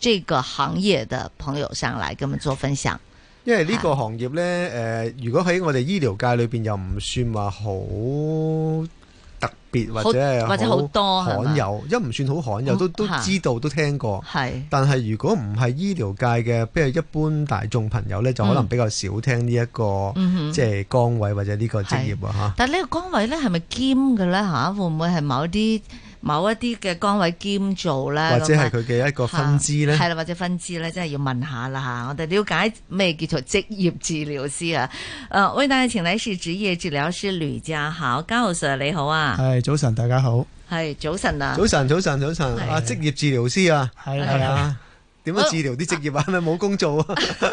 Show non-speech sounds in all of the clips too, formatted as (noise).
這個行業的朋友上來跟我們做分享，因為呢個行業呢，誒，如果喺我哋醫療界裏邊又唔算話好特別或者或者好多罕有，因唔算好罕有都都，知道都聽過，係。但係如果唔係醫療界嘅，譬如一般大眾朋友呢，就可能比較少聽呢一個，即係崗位或者呢個職業吓。但呢個崗位呢，係咪兼嘅呢？吓？會唔會係某啲？某一啲嘅崗位兼做啦，或者係佢嘅一個分支咧，係啦、啊啊，或者分支咧，真係要問下啦吓。我哋了解咩叫做職業治療師啊？誒、呃，我哋今日請嚟是職業治療師呂家豪 Sir，你好啊！係早晨，大家好。係早晨啊！早晨，早晨，早晨啊！職、啊、業治療師啊！係啊！點樣治療啲職業啊？係咪冇工做啊？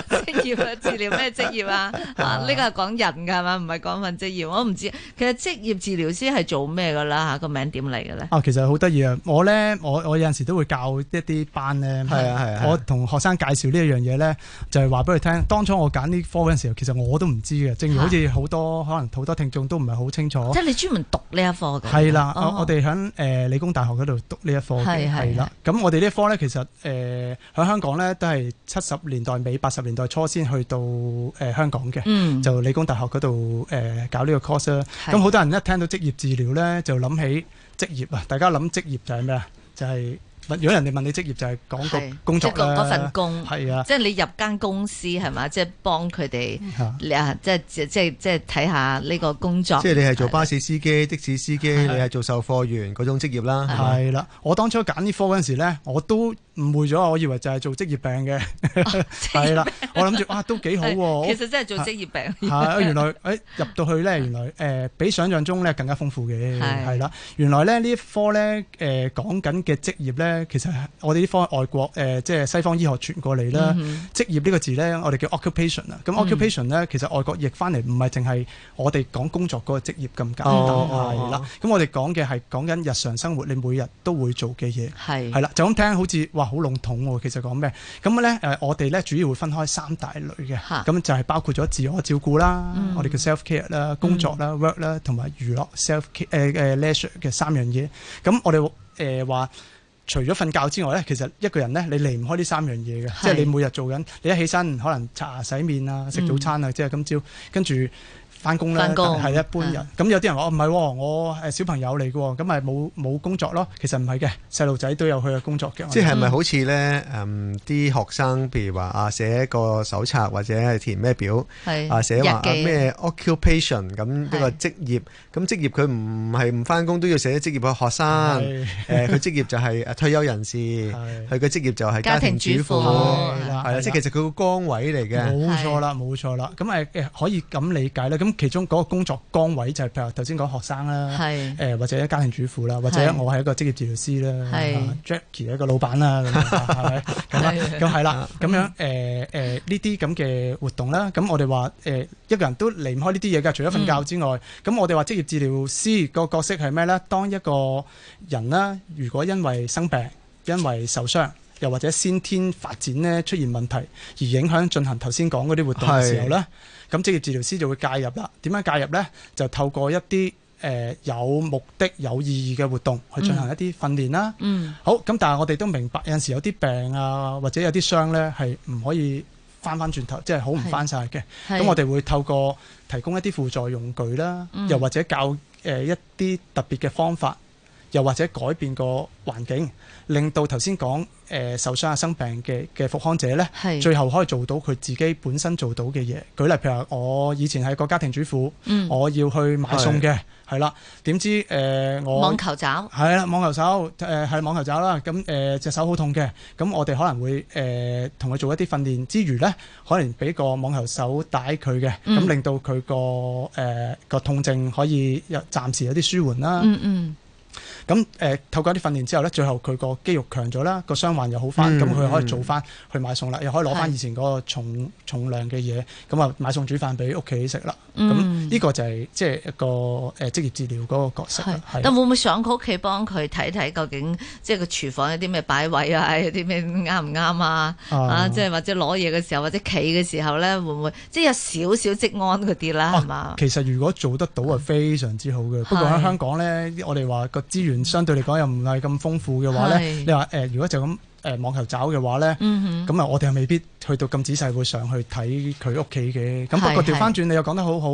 職業治療咩職業啊？ (laughs) 啊，呢個係講人噶係嘛？唔係講份職業。我唔知。其實職業治療師係做咩噶啦？吓、啊、個名點嚟嘅咧？啊，其實好得意啊！我咧，我我有陣時都會教一啲班咧。係啊係。我同學生介紹呢一樣嘢咧，啊、就係話俾佢聽。當初我揀呢科嗰陣時候，其實我都唔知嘅。正如好似好多可能好多聽眾都唔係好清楚。啊、即係你專門讀呢一科嘅。係啦、啊，我哋響誒理工大學嗰度讀呢一科嘅係啦。咁我哋呢科咧，其實誒、呃香港咧都係七十年代尾、八十年代初先去到誒香港嘅，就理工大學嗰度誒搞呢個 course 啦。咁好多人一聽到職業治療咧，就諗起職業啊！大家諗職業就係咩啊？就係如果人哋問你職業，就係講個工作啦，份工，係啊，即係你入間公司係嘛，即係幫佢哋即係即係即係睇下呢個工作。即係你係做巴士司機、的士司機，你係做售貨員嗰種職業啦。係啦，我當初揀呢科嗰陣時咧，我都誤會咗啊！我以為就係做職業病嘅，係啦，我諗住哇都幾好喎。其實真係做職業病。係原來誒入到去咧，原來誒比想像中咧更加豐富嘅係啦。原來咧呢一科咧誒講緊嘅職業咧，其實我哋呢科係外國誒即係西方醫學傳過嚟啦。職業呢個字咧，我哋叫 occupation 啊。咁 occupation 咧，其實外國譯翻嚟唔係淨係我哋講工作嗰個職業咁簡單，係啦。咁我哋講嘅係講緊日常生活，你每日都會做嘅嘢係。係啦，就咁聽好似話。好籠統喎，其實講咩？咁咧誒，我哋咧主要會分開三大類嘅，咁就係包括咗自我照顧啦，嗯、我哋嘅 self care 啦，工作啦 work 啦，同埋、嗯、娛樂 self 誒誒、uh、leisure 嘅三樣嘢。咁我哋誒話，除咗瞓覺之外咧，其實一個人咧你離唔開呢三樣嘢嘅，是即係你每日做緊，你一起身可能刷牙洗面啊、食早餐啊，嗯、即係今朝跟住。翻工咧係一般人，咁有啲人話：唔係，我係小朋友嚟嘅，咁咪冇冇工作咯。其實唔係嘅，細路仔都有佢嘅工作嘅。即係咪好似咧？誒，啲學生譬如話啊，寫一個手冊或者係填咩表，啊寫話咩 occupation 咁嗰個職業，咁職業佢唔係唔翻工都要寫啲職業嘅學生。誒，佢職業就係退休人士，佢嘅職業就係家庭主婦。係啦，即係其實佢個崗位嚟嘅。冇錯啦，冇錯啦，咁係可以咁理解啦。咁其中嗰個工作崗位就係譬如頭先講學生啦，誒是、呃、或者家庭主婦啦，是或者我係一個職業治療師啦是，Jackie 一個老闆啦，係咪咁係啦，咁 (laughs) 樣誒誒呢啲咁嘅活動啦。咁我哋話誒一個人都離唔開呢啲嘢㗎，除咗瞓覺之外，咁、嗯、我哋話職業治療師個角色係咩咧？當一個人咧，如果因為生病，因為受傷。又或者先天發展咧出現問題而影響進行頭先講嗰啲活動嘅時候咧，咁職業治療師就會介入啦。點樣介入咧？就透過一啲誒有目的有意義嘅活動去進行一啲訓練啦。嗯。好，咁但係我哋都明白有陣時有啲病啊，或者有啲傷咧係唔可以返返轉頭，即係好唔返晒嘅。咁我哋會透過提供一啲輔助用具啦，又或者教誒一啲特別嘅方法。又或者改變個環境，令到頭先講誒受傷啊生病嘅嘅復康者咧，係。最後可以做到佢自己本身做到嘅嘢。舉例譬如話，我以前係個家庭主婦，我要去買餸嘅，係啦。點知誒我網球肘係啦，網球手誒係網球肘啦。咁誒隻手好痛嘅，咁我哋可能會誒同佢做一啲訓練之餘咧，可能俾個網球手帶佢嘅，咁令到佢個誒個痛症可以有暫時有啲舒緩啦。嗯嗯。咁誒透過一啲訓練之後咧，最後佢個肌肉強咗啦，個傷患又好翻，咁佢可以做翻去買餸啦，又可以攞翻以前嗰個重重量嘅嘢，咁啊買餸煮飯俾屋企食啦。咁呢個就係即係一個誒職業治療嗰個角色啦。係，但會唔會上佢屋企幫佢睇睇究竟，即係個廚房有啲咩擺位啊，有啲咩啱唔啱啊？啊，即係或者攞嘢嘅時候或者企嘅時候咧，會唔會即係有少少職安嗰啲啦？係嘛？其實如果做得到係非常之好嘅。不過喺香港咧，我哋話個資源。相對嚟講，又唔係咁豐富嘅話咧，是的 你話誒、呃，如果就咁。誒網球找嘅話咧，咁啊，我哋又未必去到咁仔細會上去睇佢屋企嘅。咁不過調翻轉，你又講得好好。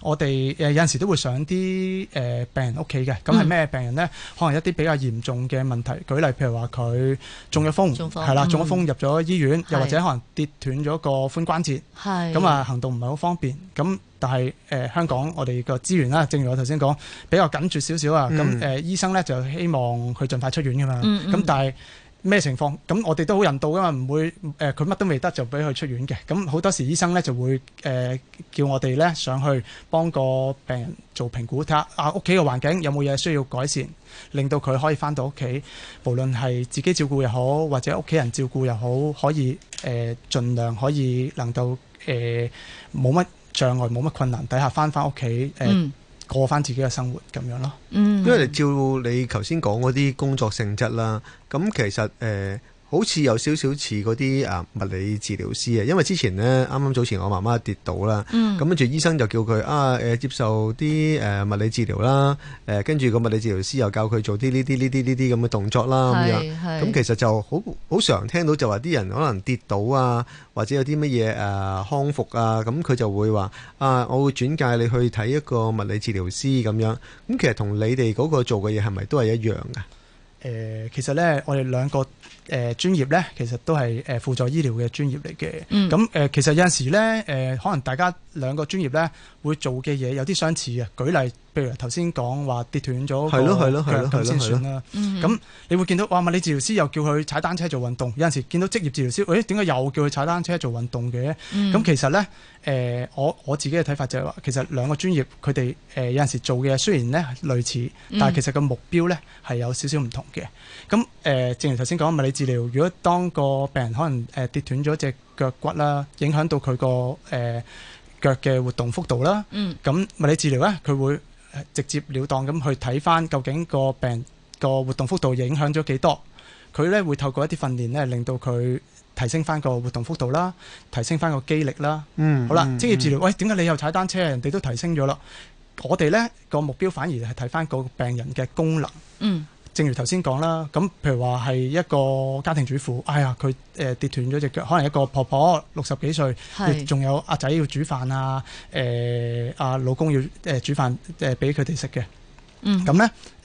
我哋誒有陣時都會上啲誒病人屋企嘅。咁係咩病人咧？可能一啲比較嚴重嘅問題。舉例譬如話佢中咗風，係啦，中咗風入咗醫院，又或者可能跌斷咗個髖關節。係咁啊，行動唔係好方便。咁但係誒香港我哋個資源啦，正如我頭先講，比較緊絀少少啊。咁誒醫生咧就希望佢盡快出院㗎嘛。咁但係咩情況？咁我哋都好人道噶嘛，唔會誒佢乜都未得就俾佢出院嘅。咁好多時醫生呢就會誒、呃、叫我哋呢上去幫個病人做評估，睇下啊屋企嘅環境有冇嘢需要改善，令到佢可以翻到屋企，無論係自己照顧又好，或者屋企人照顧又好，可以誒儘、呃、量可以能到誒冇乜障礙、冇乜困難底下翻翻屋企誒。呃嗯過翻自己嘅生活咁樣咯，嗯、因為照你頭先講嗰啲工作性質啦，咁其實誒。呃好似有少少似嗰啲啊物理治療師啊，因為之前呢啱啱早前我媽媽跌倒啦，咁跟住醫生就叫佢啊誒接受啲誒物理治療啦，誒跟住個物理治療師又教佢做啲呢啲呢啲呢啲咁嘅動作啦，咁樣咁其實就好好常聽到就話啲人可能跌倒啊，或者有啲乜嘢誒康復啊，咁佢就會話啊，我會轉介你去睇一個物理治療師咁樣。咁其實同你哋嗰個做嘅嘢係咪都係一樣㗎？誒，其實呢，我哋兩個。誒、呃、專業咧，其實都係誒、呃、輔助醫療嘅專業嚟嘅。咁誒、嗯呃、其實有陣時咧，誒、呃、可能大家兩個專業咧會做嘅嘢有啲相似嘅。舉例，譬如頭先講話跌斷咗、那個腳咁先算啦。咁、嗯、哼你會見到哇，物理治療師又叫佢踩單車做運動。有陣時見到職業治療師，誒點解又叫佢踩單車做運動嘅？咁、嗯、其實咧，誒、呃、我我自己嘅睇法就係、是、話，其實兩個專業佢哋誒有陣時做嘅嘢雖然咧類似，但係其實個目標咧係有少少唔同嘅。咁誒、嗯嗯、正如頭先講物理。治療，如果當個病人可能誒跌斷咗隻腳骨啦，影響到佢個誒腳嘅活動幅度啦，咁物理治療咧，佢會直接了當咁去睇翻究竟個病個活動幅度影響咗幾多？佢咧會透過一啲訓練咧，令到佢提升翻個活動幅度啦，提升翻個肌力啦。嗯，好啦，職業治療，喂，點解你又踩單車？人哋都提升咗啦，我哋咧個目標反而係睇翻個病人嘅功能。嗯。正如頭先講啦，咁譬如話係一個家庭主婦，哎呀，佢誒跌斷咗隻腳，可能一個婆婆六十幾歲，仲是有阿仔要煮飯啊，誒、呃、阿老公要誒煮飯誒俾佢哋食嘅，咁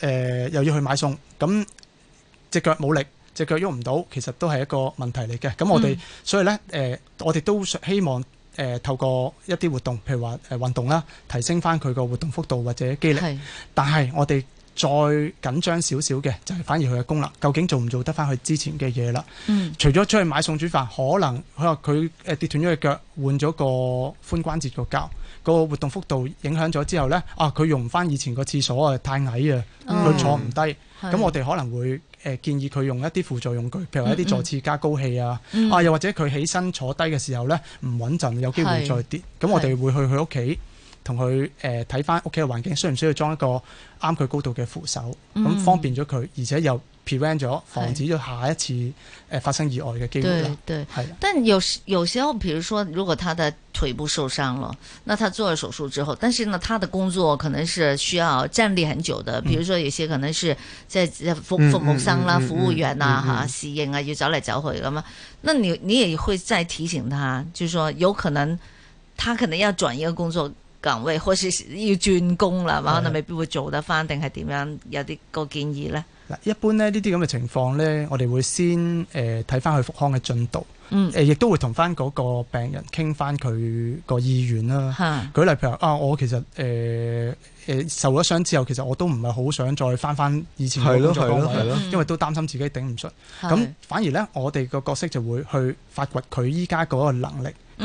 咧誒又要去買餸，咁隻腳冇力，隻腳喐唔到，其實都係一個問題嚟嘅。咁我哋、嗯、所以咧誒、呃，我哋都希望誒透過一啲活動，譬如話誒運動啦，提升返佢個活動幅度或者肌力，是但係我哋。再緊張少少嘅，就係、是、反而佢嘅功能究竟做唔做得翻佢之前嘅嘢啦？嗯，除咗出去買餸煮飯，可能佢話佢誒跌斷咗隻腳，換咗個髖關節個膠，個活動幅度影響咗之後呢，啊，佢用唔翻以前個廁所啊，太矮啊，佢坐唔低。咁、嗯、我哋可能會誒建議佢用一啲輔助用具，譬如話一啲坐廁加高器啊，嗯嗯、啊，又或者佢起身坐低嘅時候呢，唔穩陣，有機會再跌。咁是我哋會去佢屋企。同佢誒睇翻屋企嘅環境，需唔需要裝一個啱佢高度嘅扶手，咁、嗯、方便咗佢，而且又 prevent 咗防止咗下一次誒發生意外嘅機會啦。對，對，是但有，有時候，譬如說，如果他的腿部受傷了，那他做了手術之後，但是呢，他的工作可能是需要站立很久的，嗯、譬如說，有些可能是在服服務生啦、嗯嗯嗯嗯、服務員啊、哈侍應啊，要找嚟找去咁嘛。那你你也會再提醒他，就是說有可能他可能要轉一個工作。咁，喂，開始要轉工啦，的可能未必會做得翻，定係點樣？有啲個建議咧。嗱，一般咧呢啲咁嘅情況咧，我哋會先誒睇翻佢復康嘅進度，誒亦、嗯呃、都會同翻嗰個病人傾翻佢個意願啦。嗯、舉例譬如啊，我其實誒誒、呃呃、受咗傷之後，其實我都唔係好想再翻翻以前工作崗位，因為都擔心自己頂唔順。咁反而咧，我哋個角色就會去發掘佢依家嗰個能力。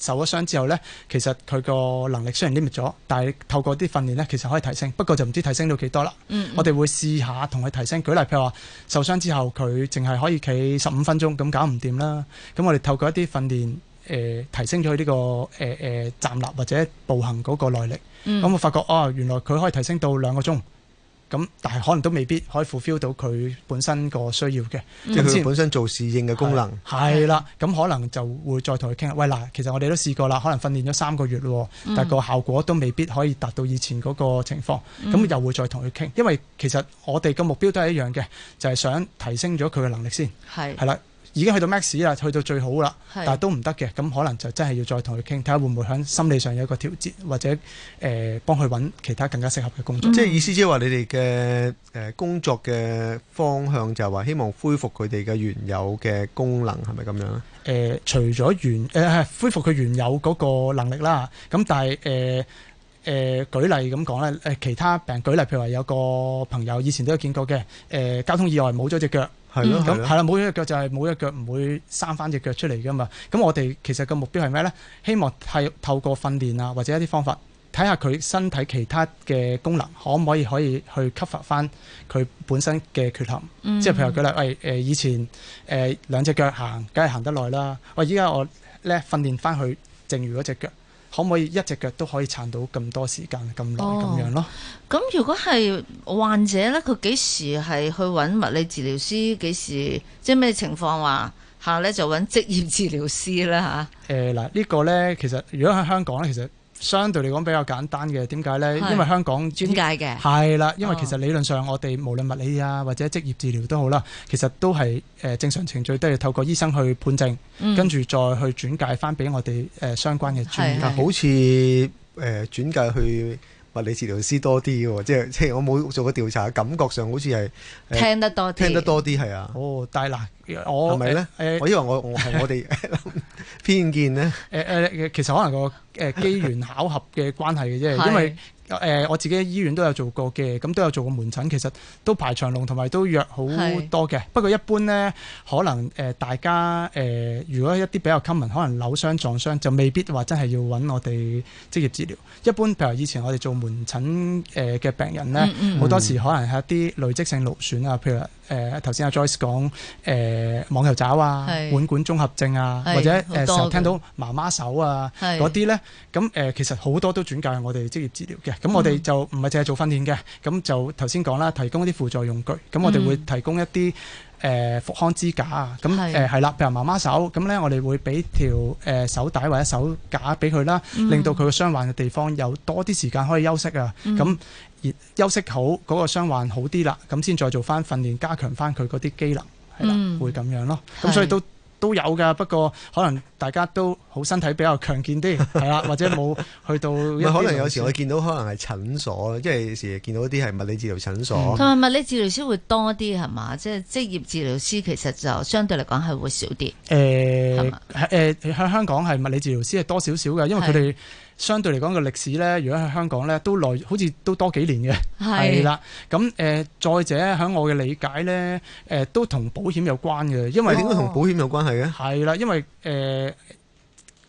受咗傷之後呢，其實佢個能力雖然 limit 咗，但係透過啲訓練呢，其實可以提升。不過就唔知提升到幾多啦。嗯嗯，我哋會試下同佢提升。舉例譬如話，受傷之後佢淨係可以企十五分鐘，咁搞唔掂啦。咁我哋透過一啲訓練，誒、呃、提升咗佢呢個誒誒、呃呃、站立或者步行嗰個耐力。咁、嗯、我發覺哦，原來佢可以提升到兩個鐘。咁，但係可能都未必可以 fulfill 到佢本身個需要嘅，即係佢本身做侍應嘅功能係啦。咁、嗯、可能就會再同佢傾。喂，嗱，其實我哋都試過啦，可能訓練咗三個月咯，但係個效果都未必可以達到以前嗰個情況。咁又會再同佢傾，因為其實我哋個目標都係一樣嘅，就係、是、想提升咗佢嘅能力先係係啦。的已經去到 max 啦，去到最好啦，但係都唔得嘅，咁可能就真係要再同佢傾，睇下會唔會喺心理上有一個調節，或者誒幫佢揾其他更加適合嘅工作。即係意思即係話你哋嘅誒工作嘅方向就係話希望恢復佢哋嘅原有嘅功能係咪咁樣？誒，除咗原誒係恢復佢原有嗰個能力啦，咁但係誒誒舉例咁講咧，誒其他病舉例，譬如話有個朋友以前都有見過嘅，誒交通意外冇咗隻腳。係咯，咁係啦，冇、 (noise) 嗯、一,一,一隻腳就係冇一隻腳唔會生翻隻腳出嚟噶嘛。咁我哋其實個目標係咩呢？希望係透過訓練啊，或者一啲方法，睇下佢身體其他嘅功能可唔可以可以去吸發翻佢本身嘅缺陷。即係譬如佢話，喂，誒以前誒兩隻腳行，梗係行得耐啦。喂，依家我咧訓練翻佢，剩餘嗰隻腳。可唔可以一隻腳都可以撐到咁多時間咁耐咁樣咯？咁如果係患者咧，佢幾時係去揾物理治療師？幾時即係咩情況話、啊、下咧就揾職業治療師啦嚇？誒、啊、嗱，呃這個、呢個咧其實如果喺香港咧，其實。相對嚟講比較簡單嘅，點解呢？是因為香港轉介嘅係啦，因為其實理論上、哦、我哋無論物理啊或者職業治療都好啦，其實都係誒正常程序都要透過醫生去判證，跟住、嗯、再去轉介翻俾我哋誒相關嘅專業，是的 好似誒、呃、轉介去。物理治療師多啲喎，即係即係我冇做過調查，感覺上好似係聽得多啲，聽得多啲係啊。哦，但係嗱，我係咪咧？誒、呃呃，我因為我我係我哋偏見咧。誒誒、呃呃、其實可能個誒機緣巧合嘅關係嘅啫， (laughs) 因為。誒、呃、我自己喺醫院都有做過嘅，咁都有做過門診，其實都排長龍，同埋都約好多嘅。是不過一般呢，可能誒大家誒、呃，如果一啲比較 common，可能扭傷撞傷，就未必話真係要揾我哋職業治療。一般譬如以前我哋做門診誒嘅病人呢，好、嗯嗯嗯、多時可能係一啲累積性勞損啊，譬如。誒頭先阿、呃、Joyce 講誒、呃、網球爪啊、是腕管綜合症啊，是或者誒成日聽到媽媽手啊嗰啲咧，咁誒是、呃、其實好多都轉介我哋職業治療嘅。咁我哋就唔係淨係做訓練嘅，咁、嗯、就頭先講啦，提供一啲輔助用具。咁我哋會提供一啲。誒復康支架啊，咁誒係啦，譬如媽媽手，咁咧我哋會俾條誒手帶或者手架俾佢啦，令到佢個傷患嘅地方有多啲時間可以休息啊，咁而休息好嗰個傷患好啲啦，咁先再做翻訓練，加強翻佢嗰啲機能，係啦，會咁樣咯，咁所以都。都有㗎，不過可能大家都好身體比較強健啲，係啦、 (laughs) 啊，或者冇去到。 (laughs) 唔係，可能有時我見到可能係診所，即係有時見到啲係物理治療診所。同埋、嗯、物理治療師會多啲係嘛？即係職業治療師其實就相對嚟講係會少啲。誒係誒，香港係物理治療師係多少少嘅，因為佢哋。相對嚟講嘅歷史咧，如果喺香港咧，都耐好似都多幾年嘅，係啦。咁誒，再者喺我嘅理解咧，誒都同保險有關嘅，因為點解同保險有關係嘅？係啦，因為誒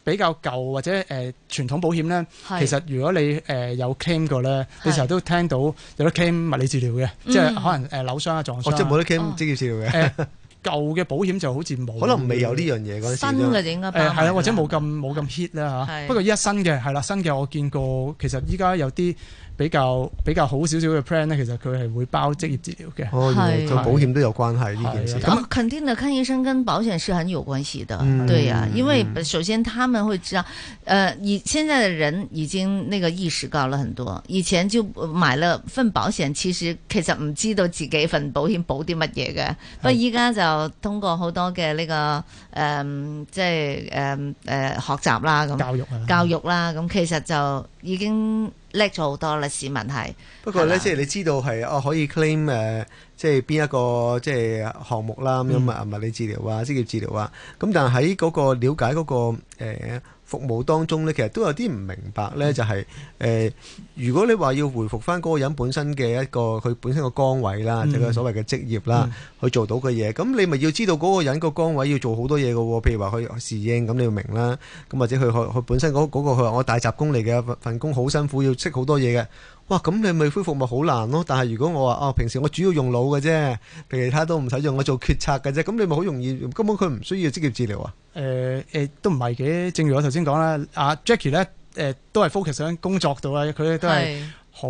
比較舊或者誒傳統保險咧，其實如果你誒有 claim 過咧，你成日都聽到有得 claim 物理治療嘅，即係可能誒扭傷啊、撞傷，即係冇得 claim 職業治療嘅。舊嘅保險就好似冇，可能未有呢樣嘢嗰陣，新嘅點解？誒係、呃、的啦，或者冇咁冇咁 hit 啦嚇。不過依家新嘅係啦，新嘅我見過，其實依家有啲。比較比較好少少嘅 plan 咧，其實佢係會包職業治療嘅。哦，原來做保險都有關係呢、啊、件事。咁、啊那哦、肯定嘅，看醫生跟保險是很有關係的，嗯、對呀、啊。因為首先他們會知道，誒、呃，以現在嘅人已經呢個意識高了很多。以前就買了份保險，其實唔知道自己份保險保啲乜嘢嘅。不過依家就通過好多嘅呢、那個誒、呃，即係誒誒學習啦，咁教育、啊、教育啦，咁、啊、其實就已經。叻咗好多咧，市民係。不過咧，的即係你知道係哦，可以 claim 誒、呃，即係邊一個即係項目啦，咁樣啊、嗯、物理治療啊，職業治療啊，咁但係喺嗰個了解嗰、嗰個、呃服務當中咧，其實都有啲唔明白咧，嗯、就係、是、誒、呃，如果你話要回復翻嗰個人本身嘅一個佢本身個崗位啦，即係、嗯、所謂嘅職業啦，嗯、去做到嘅嘢，咁你咪要知道嗰個人個崗位要做好多嘢嘅，譬如話佢侍應，咁你要明啦，咁或者佢佢佢本身嗰、嗰個佢話我大雜工嚟嘅份工好辛苦，要識好多嘢嘅。哇，咁你咪恢復咪好難咯？但係如果我話哦，平時我主要用腦嘅啫，其他都唔使用，用，我做決策嘅啫，咁你咪好容易，根本佢唔需要職業治療啊？誒誒、呃呃，都唔係嘅。正如我頭先講啦，阿、啊、Jackie 咧誒、呃，都係 focus 喺工作度啊，佢都係好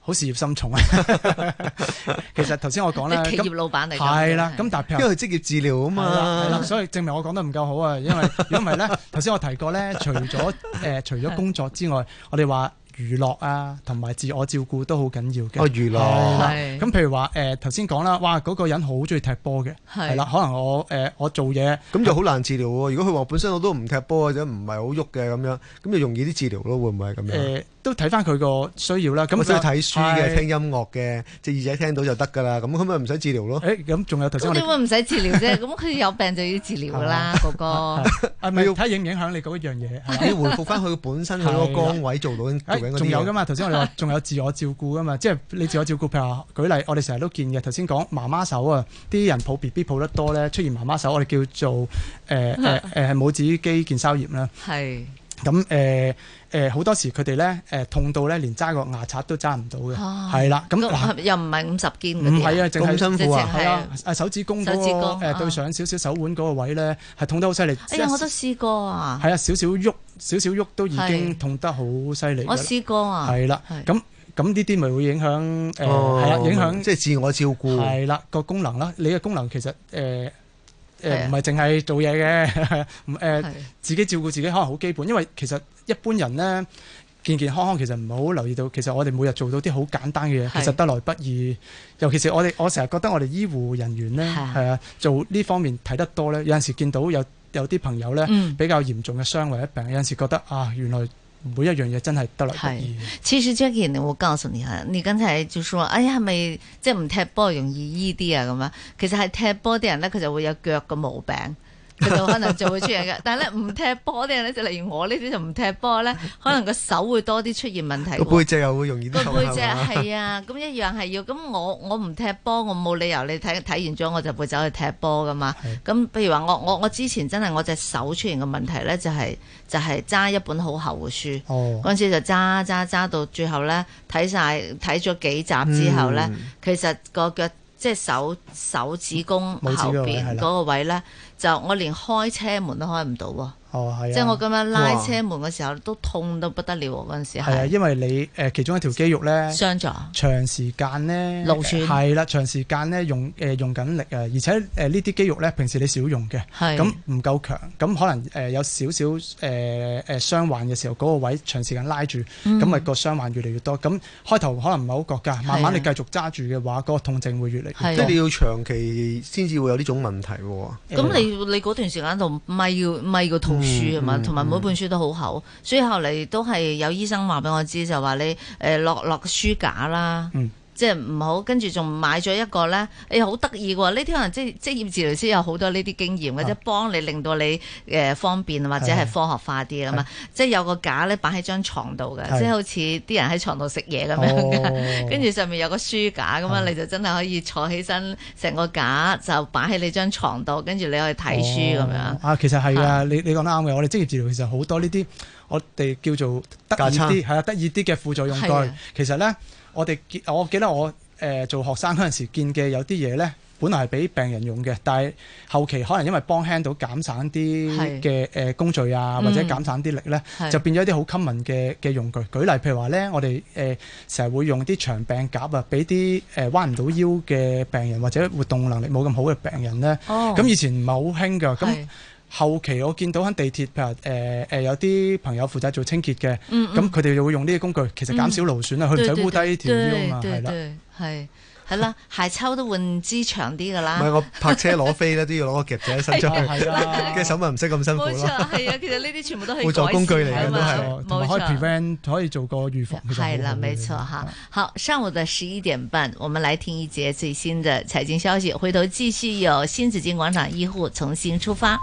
好事業心重啊。其實頭先我講咧，企業老闆嚟，係啦。咁但因為職業治療啊嘛，係啦，所以證明我講得唔夠好啊。因為如果唔係咧，頭先 (laughs) 我提過咧，除咗誒，除咗、呃、工作之外， (laughs) (laughs) 我哋話。娛樂啊，同埋自我照顧都好緊要嘅。哦，娛樂咁、哦、譬如話，誒頭先講啦，哇嗰個人好鍾意踢波嘅，係啦，可能我誒、呃、我做嘢，咁就好難治療喎。如果佢話本身我都唔踢波或者唔係好喐嘅咁樣，咁就容易啲治療咯，會唔會係咁樣？呃都睇翻佢個需要啦，咁啊需要睇書嘅，聽音樂嘅，即係耳仔聽到就得噶啦，咁咁咪唔使治療咯？誒，咁仲有頭先點解唔使治療啫？咁佢有病就要治療噶啦，哥哥。啊，係咪要睇影唔影響你嗰一樣嘢，要恢復翻佢本身佢個崗位做到嘅。仲有噶嘛？頭先我哋話仲有自我照顧噶嘛？即係你自我照顧，譬如話舉例，我哋成日都見嘅，頭先講媽媽手啊，啲人抱 B B 抱得多咧，出現媽媽手，我哋叫做誒誒誒，係母子肌腱鞘炎啦。係。咁誒誒好多時佢哋咧誒痛到咧連揸個牙刷都揸唔到嘅，係啦、啊。咁那又唔係五十肩嘅，咁、啊、辛苦啊！係啊，手指公嗰、嗰個、啊、對上少少手腕嗰個位咧，係痛得好犀利。哎呀，我都試過啊！係啊，少少喐少少喐都已經痛得好犀利。我試過啊。係啦，咁咁呢啲咪會影響誒係啦，哦、影響即係自我照顧。係啦，個功能啦，你嘅功能其實誒。呃呃誒唔係淨係做嘢嘅，誒自己照顧自己可能好基本，因為其實一般人呢，健健康康其實唔係好留意到，其實我哋每日做到啲好簡單嘅嘢，是的 其實得來不易。尤其是我哋，我成日覺得我哋醫護人員呢，係啊是的、呃，做呢方面睇得多呢，有陣時見到有有啲朋友呢，比較嚴重嘅傷或者病，有陣時覺得啊，原來。每一樣嘢真係得來不易。其實 Jackie、er、我告訴你啊，你剛才就話，哎呀，係咪即係唔踢波容易醫啲啊？其實係踢波啲人呢，佢就會有腳嘅毛病。佢就可能做會出嚟嘅。但係咧，唔踢波啲人咧，就例如我呢啲就唔踢波咧，可能個手會多啲出現問題。個背脊又會容易。個背脊係啊，咁一樣係要咁。我我唔踢波，我冇理由你睇睇完咗我就會走去踢波噶嘛。咁譬如話我我我之前真係我隻手出現嘅問題咧，就係就係揸一本好厚嘅書，嗰陣時就揸揸揸到最後咧睇晒睇咗幾集之後咧，其實個腳即係手手指公後邊嗰個位咧。就我連開車門都開唔到喎。哦，係啊，即係我咁樣拉車門嘅時候都痛到不得了，嗰陣時係啊，因為你誒其中一條肌肉咧傷咗，長時間咧勞損係啦，長時間咧用誒用緊力啊，而且誒呢啲肌肉咧平時你少用嘅，咁唔夠強，咁可能誒有少少誒誒傷患嘅時候，嗰個位長時間拉住，咁咪個傷患越嚟越多，咁開頭可能唔係好覺噶，慢慢你繼續揸住嘅話，嗰個痛症會越嚟，即係你要長期先至會有呢種問題。咁你你嗰段時間就咪要咪個痛。書啊嘛，同埋、嗯嗯、每本書都好厚，嗯嗯、所以後嚟都係有醫生話俾我知，就話你誒、呃、落落書架啦。嗯即係唔好，跟住仲買咗一個呢。誒好得意喎！呢啲可能即係職業治療師有好多呢啲經驗或者係幫你令到你誒方便或者係科學化啲啊嘛！即係有個架咧擺喺張床度嘅，即係好似啲人喺床度食嘢咁樣嘅，跟住上面有個書架咁樣，你就真係可以坐起身，成個架就擺喺你張床度，跟住你可以睇書咁樣。啊，其實係啊，你你講得啱嘅，我哋職業治療其實好多呢啲，我哋叫做得意啲，係啊，得意啲嘅輔助用具，其實呢。我哋我記得我誒、呃、做學生嗰陣時見嘅有啲嘢咧，本來係俾病人用嘅，但係後期可能因為幫輕到減省啲嘅誒工序啊，是或者減省啲力咧，嗯、就變咗啲好 common 嘅嘅用具。是舉例譬如話咧，我哋誒成日會用啲長柄夾啊，俾啲誒彎唔到腰嘅病人或者活動能力冇咁好嘅病人咧，咁、哦、以前唔係好興㗎，咁是。後期我見到喺地鐵，譬如誒誒有啲朋友負責做清潔嘅，咁佢哋就會用呢啲工具，其實減少勞損啊，佢唔使污低呢條腰啊嘛，係啦，係係啦，鞋抽都換支長啲噶啦。唔係我泊車攞飛咧，都要攞個夾仔伸出去，係啦，跟手咪唔使咁辛苦啦。係啊，其實呢啲全部都係工具嚟嘅都係，同可以 prevent 可以做個預防。係啦，冇錯嚇。好，上午嘅十一點半，我們來聽一節最新嘅財經消息，回頭繼續有新紫荊廣場醫護重新出發。